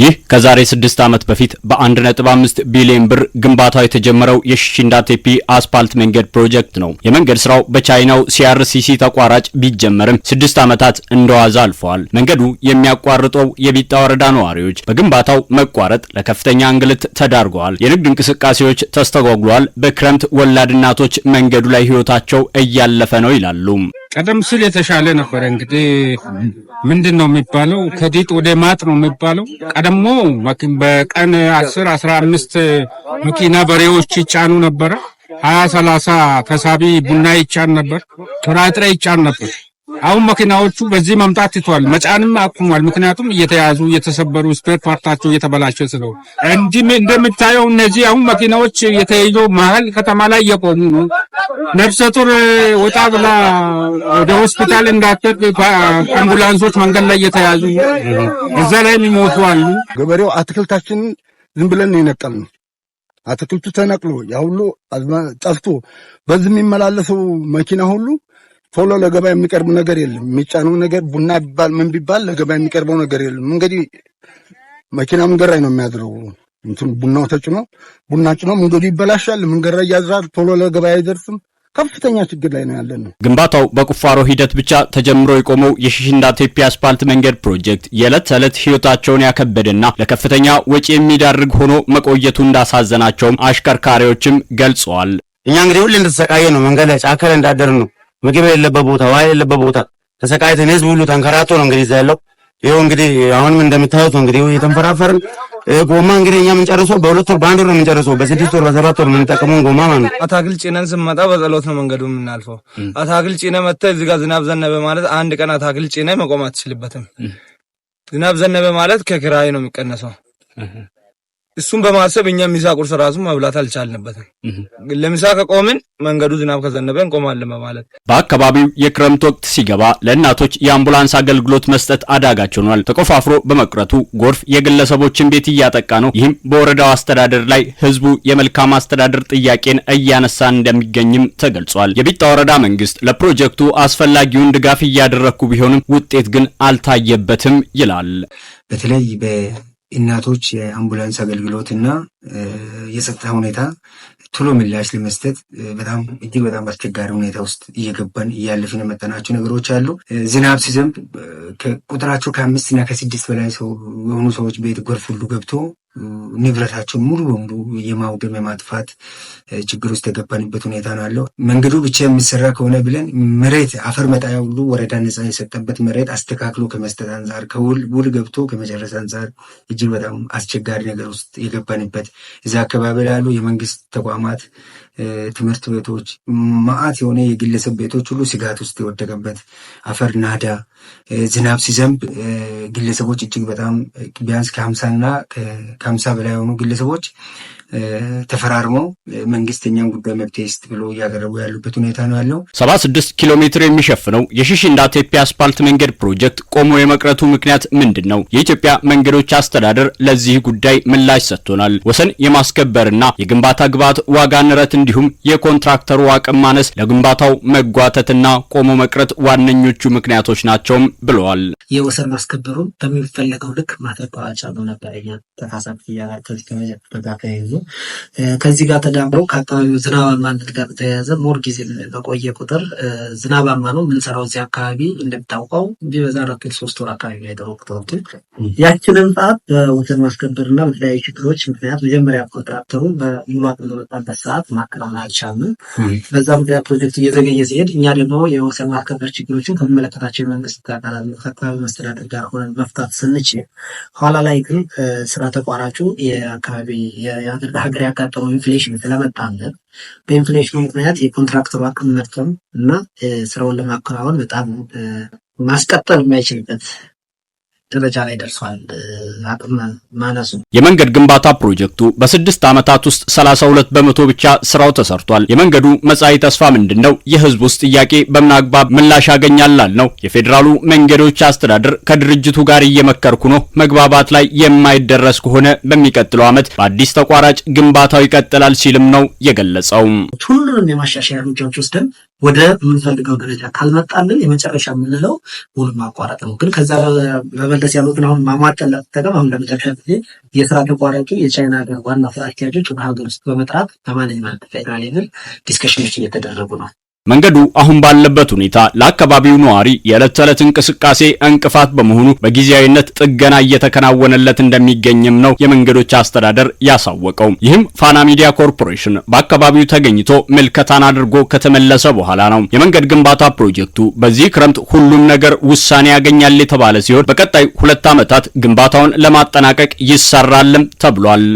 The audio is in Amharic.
ይህ ከዛሬ ስድስት ዓመት በፊት በ1.5 ቢሊዮን ብር ግንባታው የተጀመረው የሺንዳ ቴፒ አስፓልት መንገድ ፕሮጀክት ነው። የመንገድ ስራው በቻይናው ሲአርሲሲ ተቋራጭ ቢጀመርም ስድስት ዓመታት እንደዋዛ አልፈዋል። መንገዱ የሚያቋርጠው የቢጣ ወረዳ ነዋሪዎች በግንባታው መቋረጥ ለከፍተኛ እንግልት ተዳርገዋል። የንግድ እንቅስቃሴዎች ተስተጓጉሏል። በክረምት ወላድ እናቶች መንገዱ ላይ ሕይወታቸው እያለፈ ነው ይላሉ። ቀደም ሲል የተሻለ ነበረ። እንግዲህ ምንድን ነው የሚባለው ከዲጥ ወደ ማጥ ነው የሚባለው። ቀደሞ በቀን አስር አስራ አምስት መኪና በሬዎች ይጫኑ ነበረ። ሀያ ሰላሳ ተሳቢ ቡና ይጫን ነበር፣ ጥራጥሬ ይጫን ነበር። አሁን መኪናዎቹ በዚህ መምጣት ትቷል፣ መጫንም አቁሟል። ምክንያቱም እየተያዙ እየተሰበሩ ስፔር ፓርታቸው እየተበላሸ ስለሆነ እንዲህ እንደምታየው እነዚህ አሁን መኪናዎች የተይዞ መሀል ከተማ ላይ እየቆሙ ነው። ነፍሰ ጡር ወጣ ብላ ወደ ሆስፒታል እንዳትሄድ አምቡላንሶች መንገድ ላይ እየተያዙ እዛ ላይ የሚሞቱ አሉ። ገበሬው አትክልታችን ዝም ብለን ይነቀልን አትክልቱ ተነቅሎ ያ ሁሉ ጠፍቶ በዚህ የሚመላለሰው መኪና ሁሉ ቶሎ ለገበያ የሚቀርብ ነገር የለም። የሚጫነው ነገር ቡና ቢባል ምን ቢባል ለገበያ የሚቀርበው ነገር የለም። እንግዲህ መኪና ምንገራ ነው የሚያድረው። እንትኑ ቡናው ተጭኖ ቡና ጭኖ መንገዱ ይበላሻል። ምንገራ እያዝራል፣ ቶሎ ለገበያ አይደርስም። ከፍተኛ ችግር ላይ ነው ያለን። ነው ግንባታው በቁፋሮ ሂደት ብቻ ተጀምሮ የቆመው የሽሽንዳ ቴፒ አስፓልት መንገድ ፕሮጀክት የዕለት ተዕለት ህይወታቸውን ያከበደና ለከፍተኛ ወጪ የሚዳርግ ሆኖ መቆየቱ እንዳሳዘናቸውም አሽከርካሪዎችም ገልጸዋል። እኛ እንግዲህ ሁሌ እንደተሰቃየ ነው መንገድ ላይ ጫከለ እንዳደር ነው ምግብ የለበት ቦታ፣ ውሃ የለበት ቦታ ተሰቃይተን ህዝብ ሁሉ ተንከራቶ ነው እንግዲህ እዛ ያለው። ይኸው እንግዲህ አሁንም እንደምታዩት እንግዲህ እየተንፈራፈርን ጎማ እንግዲህ እኛ የምንጨርሰው በሁለት ወር በአንድ ወር ነው የምንጨርሰው። በስድስት ወር በሰባት ወር የምንጠቀመውን ጎማ ማለት ነው። አታክል ጭነን ስንመጣ በጸሎት ነው መንገዱ የምናልፈው። አታክል ጭነ መጥተህ እዚህ ጋር ዝናብ ዘነበ ማለት አንድ ቀን አታክል ጭነ መቆም አትችልበትም። ዝናብ ዘነበ ማለት ከክራይ ነው የሚቀነሰው። እሱን በማሰብ እኛ ምሳ ቁርስ ራሱ መብላት አልቻልንበትም። ለምሳ ከቆምን መንገዱ ዝናብ ከዘነበ እንቆማለን በማለት በአካባቢው የክረምት ወቅት ሲገባ ለእናቶች የአምቡላንስ አገልግሎት መስጠት አዳጋች ሆኗል። ተቆፋፍሮ በመቅረቱ ጎርፍ የግለሰቦችን ቤት እያጠቃ ነው። ይህም በወረዳው አስተዳደር ላይ ህዝቡ የመልካም አስተዳደር ጥያቄን እያነሳ እንደሚገኝም ተገልጿል። የቢጣ ወረዳ መንግስት ለፕሮጀክቱ አስፈላጊውን ድጋፍ እያደረግኩ ቢሆንም ውጤት ግን አልታየበትም ይላል። በተለይ እናቶች የአምቡላንስ አገልግሎት እና የጸጥታ ሁኔታ ቶሎ ምላሽ ለመስጠት በጣም እጅግ በጣም አስቸጋሪ ሁኔታ ውስጥ እየገባን እያለፍን የመጠናቸው ነገሮች አሉ። ዝናብ ሲዘንብ ቁጥራቸው ከአምስት እና ከስድስት በላይ የሆኑ ሰዎች ቤት ጎርፍ ሁሉ ገብቶ ንብረታቸውን ሙሉ በሙሉ የማውደም የማጥፋት ችግር ውስጥ የገባንበት ሁኔታ ነው ያለው። መንገዱ ብቻ የሚሰራ ከሆነ ብለን መሬት አፈር መጣያ ሁሉ ወረዳ ነፃ የሰጠበት መሬት አስተካክሎ ከመስጠት አንጻር ከውል ገብቶ ከመጨረስ አንጻር እጅግ በጣም አስቸጋሪ ነገር ውስጥ የገባንበት እዚ አካባቢ ላሉ የመንግስት ተቋማት ትምህርት ቤቶች፣ ማአት የሆነ የግለሰብ ቤቶች ሁሉ ስጋት ውስጥ የወደቀበት አፈር ናዳ፣ ዝናብ ሲዘንብ ግለሰቦች እጅግ በጣም ቢያንስ ከሀምሳና ከሀምሳ በላይ የሆኑ ግለሰቦች ተፈራርመው መንግስተኛን ጉዳይ መብት ስት ብሎ እያቀረቡ ያሉበት ሁኔታ ነው ያለው። ሰባ ስድስት ኪሎ ሜትር የሚሸፍነው የሽሽንዳ ቴፒ አስፓልት መንገድ ፕሮጀክት ቆሞ የመቅረቱ ምክንያት ምንድን ነው? የኢትዮጵያ መንገዶች አስተዳደር ለዚህ ጉዳይ ምላሽ ሰጥቶናል። ወሰን የማስከበርና የግንባታ ግብዓት ዋጋ ንረት እንዲሁም የኮንትራክተሩ አቅም ማነስ ለግንባታው መጓተትና ቆሞ መቅረት ዋነኞቹ ምክንያቶች ናቸውም ብለዋል። የወሰን ማስከበሩ በሚፈለገው ልክ ማድረግ ነው ነበር። ተሳሳፊ ተያይዞ ከዚህ ጋር ተዳምሮ ከአካባቢው ዝናባማነት ጋር ተያያዘ ሞር ጊዜ በቆየ ቁጥር ዝናባማ ነው የምንሰራው። እዚህ አካባቢ እንደሚታውቀው ቢበዛ ረክል ሶስት ወር አካባቢ ላይ ተወቅተወቅል ያችንን ሰዓት በወሰን ማስከበርና በተለያዩ ችግሮች ምክንያት መጀመሪያ ኮንትራክተሩ በሙሉ አቅም በመጣበት ሰዓት ማካ ማከናወን አልቻልንም። በዛ ጉዳይ ፕሮጀክት እየዘገየ ሲሄድ እኛ ደግሞ የወሰን ማስከበር ችግሮችን ከመለከታቸው የመንግስት አካላት አካባቢ መስተዳደር ጋር ሆነን መፍታት ስንችል፣ ኋላ ላይ ግን ስራ ተቋራጩ የአካባቢ ሀገር ያጋጠመው ኢንፍሌሽን ስለመጣለን በኢንፍሌሽኑ ምክንያት የኮንትራክተሩ አቅም መርቶም እና ስራውን ለማከናወን በጣም ማስቀጠል የማይችልበት ደረጃ ላይ ደርሷል። አቅም ማነሱ የመንገድ ግንባታ ፕሮጀክቱ በስድስት ዓመታት ውስጥ ሰላሳ ሁለት በመቶ ብቻ ስራው ተሰርቷል። የመንገዱ መጻኢ ተስፋ ምንድን ነው? የህዝብ ውስጥ ጥያቄ በምን አግባብ ምላሽ ያገኛላል ነው። የፌዴራሉ መንገዶች አስተዳደር ከድርጅቱ ጋር እየመከርኩ ነው። መግባባት ላይ የማይደረስ ከሆነ በሚቀጥለው ዓመት በአዲስ ተቋራጭ ግንባታው ይቀጥላል ሲልም ነው የገለጸው። ሁሉንም የማሻሻያ እርምጃዎች ወስደን ወደ የምንፈልገው ደረጃ ካልመጣልን የመጨረሻ የምንለው ሙሉ ማቋረጥ ነው። ግን ከዛ በመለስ ያሉትን አሁን ማሟጠን ለመጠቀም አሁን ለመጨረሻ ጊዜ የስራ ተቋራጩ የቻይና ዋና ስራ አስኪያጆች ወደ ሀገር ውስጥ በመጥራት በማኔጅመንት ፌዴራል ሌቭል ዲስከሽኖች እየተደረጉ ነው። መንገዱ አሁን ባለበት ሁኔታ ለአካባቢው ነዋሪ የዕለት ተዕለት እንቅስቃሴ እንቅፋት በመሆኑ በጊዜያዊነት ጥገና እየተከናወነለት እንደሚገኝም ነው የመንገዶች አስተዳደር ያሳወቀው። ይህም ፋና ሚዲያ ኮርፖሬሽን በአካባቢው ተገኝቶ ምልከታን አድርጎ ከተመለሰ በኋላ ነው። የመንገድ ግንባታ ፕሮጀክቱ በዚህ ክረምት ሁሉም ነገር ውሳኔ ያገኛል የተባለ ሲሆን በቀጣይ ሁለት ዓመታት ግንባታውን ለማጠናቀቅ ይሰራልም ተብሏል።